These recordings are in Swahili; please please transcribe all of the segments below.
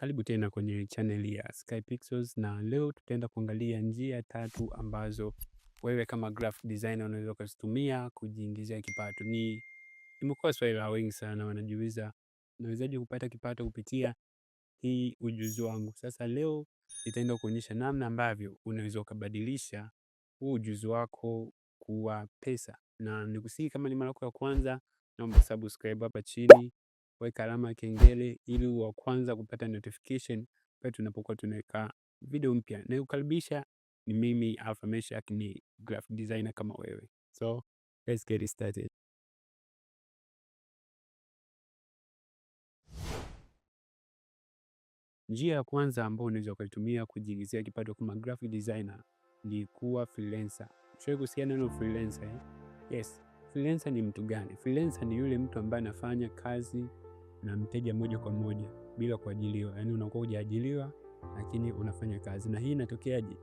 Karibu tena kwenye chaneli ya Sky Pixels, na leo tutaenda kuangalia njia tatu ambazo wewe kama graphic designer unaweza ukazitumia kujiingizia kipato. Ni imekuwa swali la wengi sana, wanajiuliza nawezaje kupata kipato kupitia hii ujuzi wangu. Sasa leo nitaenda kuonyesha namna ambavyo unaweza ukabadilisha huu ujuzi wako kuwa pesa, na nikusihi kama ni mara yako ya kwanza, naomba subscribe hapa chini weka alama ya kengele ili wa kwanza kupata notification pale tunapokuwa tunaweka video mpya. Na kukaribisha ni mimi Alpha Meshack, ni graphic designer kama wewe. So let's get started. Njia ya kwanza ambayo unaweza ukaitumia kujiingizia kipato kama graphic designer ni kuwa freelancer. Ushawahi kusikia neno freelancer eh? Yes, freelancer ni mtu gani? Freelancer ni yule mtu ambaye anafanya kazi na mteja moja kwa moja bila kuajiliwa, yaani unakuwa hujaajiliwa lakini unafanya kazi. Na hii inatokeaje?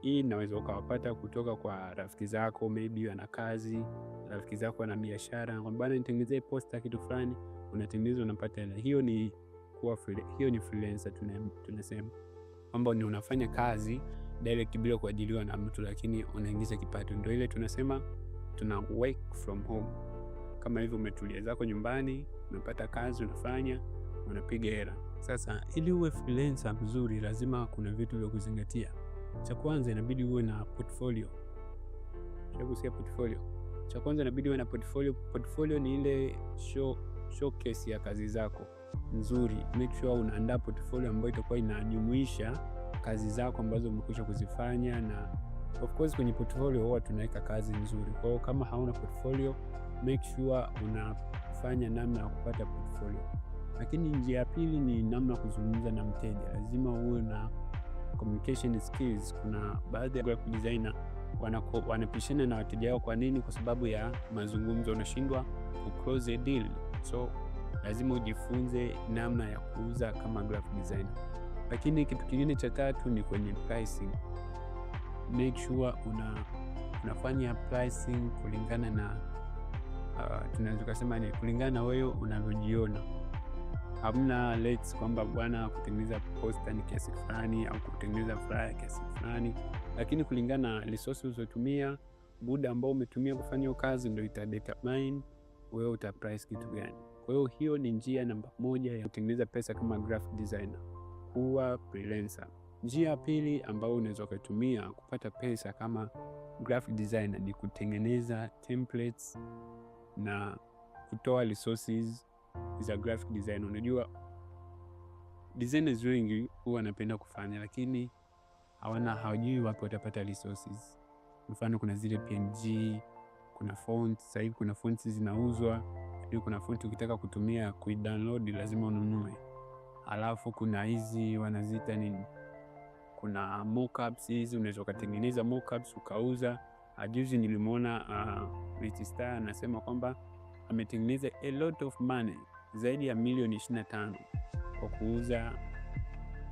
Hii inaweza ukawapata kutoka kwa rafiki zako, maybe ana kazi, rafiki zako ana biashara, bana, nitengenezee posta kitu fulani, unatengeneza unapata hela. Hiyo ni kuwa free, hiyo ni freelancer tunasema kwamba ni unafanya kazi direct bila kuajiliwa na mtu, lakini unaingiza kipato. Ndio ile tunasema tuna work from home, kama hivyo umetulia zako nyumbani unapata kazi unafanya, unapiga hela. Sasa ili uwe freelancer mzuri, lazima kuna vitu vya kuzingatia. Cha kwanza inabidi uwe na portfolio. Unagusia portfolio, cha kwanza inabidi uwe na portfolio. Portfolio ni ile show, showcase ya kazi zako nzuri. Make sure unaandaa portfolio ambayo itakuwa inajumuisha kazi zako ambazo umekwisha kuzifanya na Of course kwenye portfolio huwa tunaweka kazi nzuri. Kwa hiyo kama hauna portfolio, make sure unafanya namna ya kupata portfolio. Lakini njia ya pili ni namna ya kuzungumza na mteja. Lazima uwe na communication skills. Kuna baadhi ya graphic designer wanapishana na wateja wao. Kwa nini? Kwa sababu ya mazungumzo, unashindwa ku close a deal. So lazima ujifunze namna ya kuuza kama graphic designer. Lakini kitu kingine cha tatu ni kwenye pricing make sure una, unafanya pricing kulingana na uh, tunaweza kusema ni kulingana na wewe unavyojiona. Hamna let's kwamba bwana kutengeneza poster ni kiasi fulani au kutengeneza flyer kiasi fulani, lakini kulingana na resources ulizotumia, muda ambao umetumia kufanya hiyo kazi, ndio itadetermine wewe uta price kitu gani. Kwa hiyo hiyo ni njia namba moja ya kutengeneza pesa kama graphic designer, kuwa freelancer. Njia ya pili ambayo unaweza ukatumia kupata pesa kama graphic designer ni kutengeneza templates na kutoa resources za graphic design. Unajua designers wengi huwa wanapenda kufanya, lakini hawana hawajui wapi watapata resources. Mfano, kuna zile PNG, kuna fonts. Sasa hivi kuna fonts zinauzwa, lakini kuna fonts ukitaka kutumia kuidownload lazima ununue. Alafu kuna hizi wanazita nini kuna mockups hizi unaweza ukatengeneza mockups ukauza. Ajuzi ah, nilimwona uh, ah, Rich Star anasema kwamba ametengeneza a lot of money zaidi ya milioni 25 kwa kuuza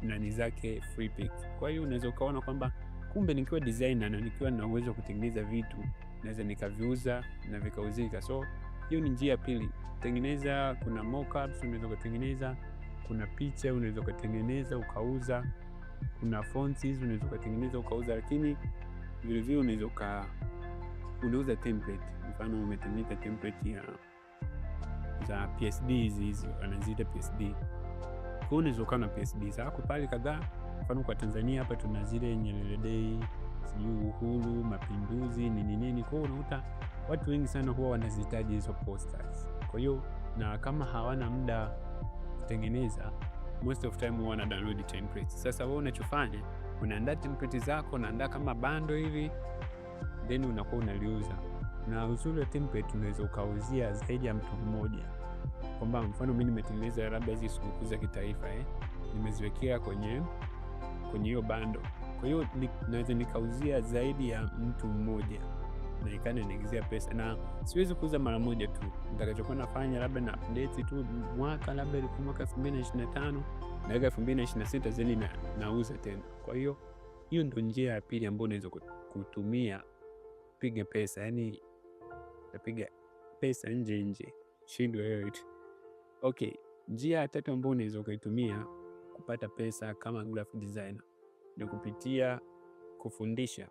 nani zake free picks. Kwa hiyo unaweza ukaona kwamba kumbe nikiwa designer na nikiwa na uwezo wa kutengeneza vitu naweza nikaviuza na vikauzika. So hiyo ni njia ya pili, tengeneza. Kuna mockups unaweza ukatengeneza, kuna picha unaweza ukatengeneza ukauza kuna fonts hizi unaweza ukatengeneza ukauza, lakini vilevile unaweza unauza template. Mfano umetengeneza template ya za PSD hizi anaziita PSD, kwa unaweza ukawa na PSD zako pale kadhaa. Mfano kwa Tanzania hapa tuna zile Nyerere Day, sijui Uhuru, Mapinduzi, nini nini. Kwa unakuta watu wengi sana huwa wanazihitaji hizo posters, kwa hiyo na kama hawana muda kutengeneza most of time huwa na download templates. Sasa wewe unachofanya unaandaa template zako, unaandaa kama bando hivi, then unakuwa unaliuza, na uzuri wa template unaweza ukauzia zaidi ya mtu mmoja, kwamba mfano mimi nimetengeneza labda hizi sikukuu za kitaifa eh, nimeziwekea kwenye kwenye hiyo bando, kwa hiyo naweza nikauzia zaidi ya mtu mmoja naikani naingizia pesa, na siwezi kuuza mara moja tu. Nitakachokuwa nafanya labda na update tu mwaka, labda ilikuwa mwaka 2025 na 2026 zeni na nauza tena. Kwa hiyo hiyo ndio njia ya pili ambayo unaweza kutumia piga pesa, yani napiga pesa nje nje, shindwa hiyo Okay, njia ya tatu ambayo unaweza kutumia kupata pesa kama graphic designer ni kupitia kufundisha.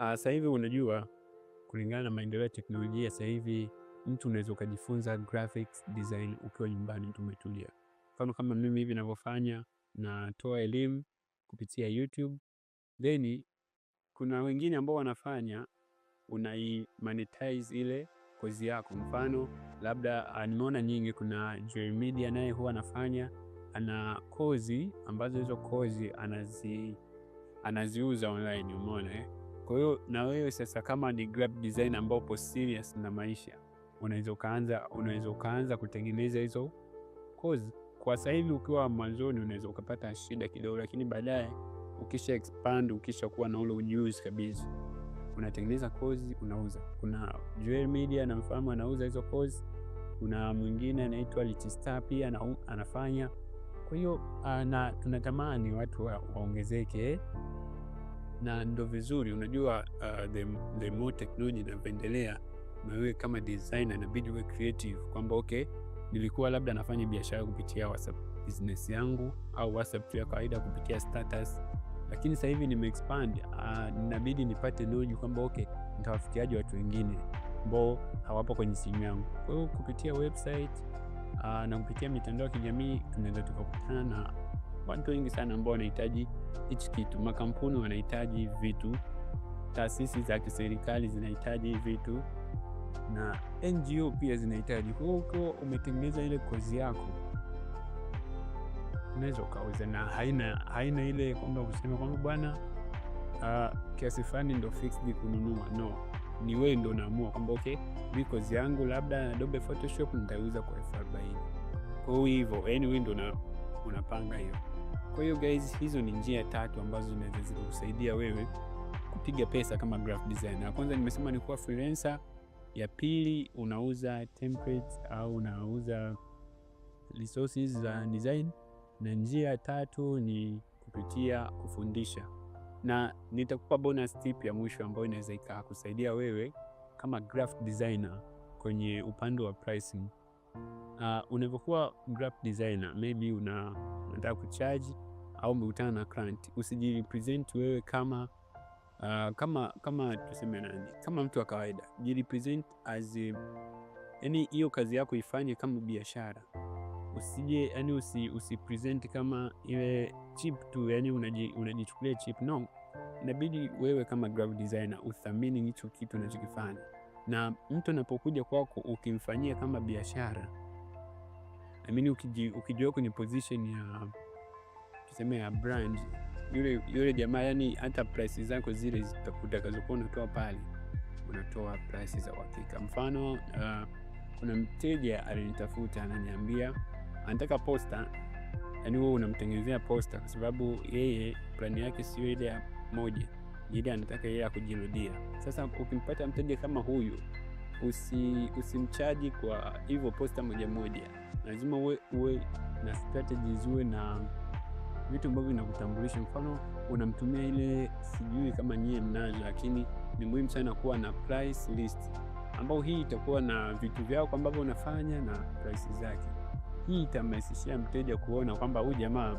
Ah, sasa hivi unajua, kulingana na maendeleo ya teknolojia, sasa hivi mtu unaweza ukajifunza graphics design ukiwa nyumbani tu umetulia. Mfano kama mimi hivi ninavyofanya, natoa elimu kupitia YouTube, then kuna wengine ambao wanafanya unai monetize ile kozi yako. Mfano labda ah, nimeona nyingi, kuna Joy Media naye huwa anafanya ana kozi ambazo hizo kozi anazi anaziuza online, umeona eh? Kwa hiyo na wewe sasa, kama ni grab design ambao upo serious na maisha, unaweza ukaanza unaweza ukaanza kutengeneza hizo kozi. Kwa sasa hivi ukiwa mwanzoni, unaweza ukapata shida kidogo, lakini baadaye ukisha expand, ukisha kuwa na ule ujuzi kabisa, unatengeneza kozi, unauza. Kuna Jewel Media mfano anauza hizo kozi. Kuna mwingine anaitwa Star pia na, anafanya. Kwa hiyo ah, na tunatamani watu waongezeke wa na ndo vizuri. Unajua uh, the, the more technology inavyoendelea na kama designer inabidi uwe creative kwamba ok nilikuwa labda nafanya biashara kupitia WhatsApp business yangu au WhatsApp tu ya kawaida kupitia status, lakini sasa hivi nimeexpand uh, inabidi nipate knowledge kwamba okay, nitawafikiaje watu wengine ambao hawapo kwenye simu yangu. Kwa hiyo kupitia website uh, na kupitia mitandao ya kijamii tunaweza tukakutana na watu wengi sana ambao wanahitaji hichi kitu. Makampuni wanahitaji vitu, taasisi za kiserikali zinahitaji vitu na NGO pia zinahitaji. Kwa hiyo ukiwa umetengeneza ile kozi yako unaweza ukauza, na haina, haina ile kwamba kusema kwamba bwana uh, kiasi fulani ndo fixed kununua. No, ni wewe ndo unaamua kwamba okay, mi kozi yangu labda Adobe Photoshop nitaiuza kwa elfu arobaini. Kwa hiyo hivyo, yani wewe ndo unapanga hiyo. Kwa hiyo guys, hizo ni njia tatu ambazo zinaweza zikusaidia wewe kupiga pesa kama graphic designer. Ya kwanza nimesema ni kuwa freelancer, ya pili unauza templates au unauza resources za design, na njia tatu ni kupitia kufundisha, na nitakupa bonus tip ya mwisho ambayo inaweza ikakusaidia wewe kama graphic designer kwenye upande wa pricing. Uh, unavyokuwa graphic designer maybe una unataka kucharge au umekutana na client, usijirepresent wewe kama uh, kama kama tuseme nani, kama mtu wa kawaida. Jirepresent as yani, hiyo kazi yako ifanye kama biashara, usije yani usi, present kama ile chip tu, yani unajichukulia chip. No, inabidi wewe kama graphic designer uthamini hicho kitu unachokifanya, na mtu anapokuja kwako ukimfanyia kama biashara, I mean, ukijua kwenye position ya tuseme ya brand yule yule jamaa, yani hata price zako zile utakazokuwa unatoa pale, unatoa price za uhakika. Mfano uh, kuna mteja alinitafuta ananiambia anataka posta, yani wewe unamtengenezea posta, kwa sababu yeye plani yake sio ile moja, ile anataka yeye akujirudia. Sasa ukimpata mteja kama huyu usi, usimchaji kwa hivyo posta moja moja, lazima uwe na strategies uwe na vitu ambavyo vinakutambulisha. Mfano unamtumia ile, sijui kama nyie mnazo lakini ni muhimu sana kuwa na price list, ambao hii itakuwa na vitu vyako ambavyo unafanya na price zake. Hii itamrahisishia mteja kuona kwamba huyu jamaa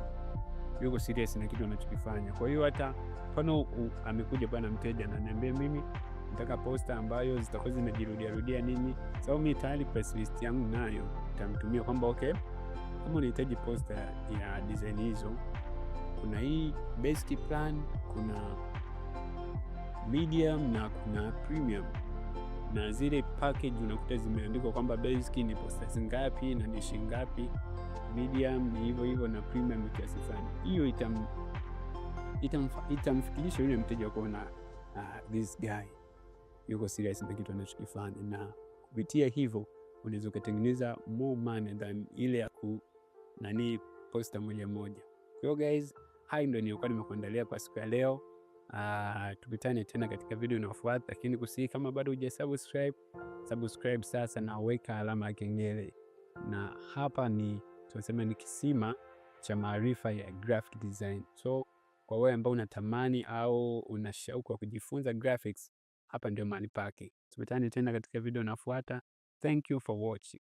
yuko serious na kitu anachokifanya. Kwa hiyo hata mfano amekuja bwana mteja na ananiambia mimi nataka posta ambayo zitakuwa zinajirudiarudia nini, sababu mimi tayari price list yangu nayo, nitamtumia kwamba okay kama unahitaji posta ya design hizo, kuna hii best plan, kuna medium na kuna premium, na zile package unakuta zimeandikwa kwamba basic ni posta ngapi na ni ngapi, medium ni hivyo hivyo, na premium kiasi fani Hiyo itam itamfikirisha yule mteja kuona uh, this guy yuko serious na kitu anachokifanya, na kupitia hivyo unaweza ukatengeneza more money than ile ya nani posta moja moja. Kwa hiyo guys, hayo ndio nilikuwa nimekuandalia kwa siku ya leo. Uh, tukutane tena katika video inayofuata, lakini kusihi, kama bado hujasubscribe, subscribe sasa na weka alama ya kengele. Na hapa ni tunasema ni kisima cha maarifa ya graphic design. So kwa wewe ambao unatamani au una shauku ya kujifunza graphics, hapa ndio mahali pake. Tukutane tena katika video inayofuata. Thank you for watching.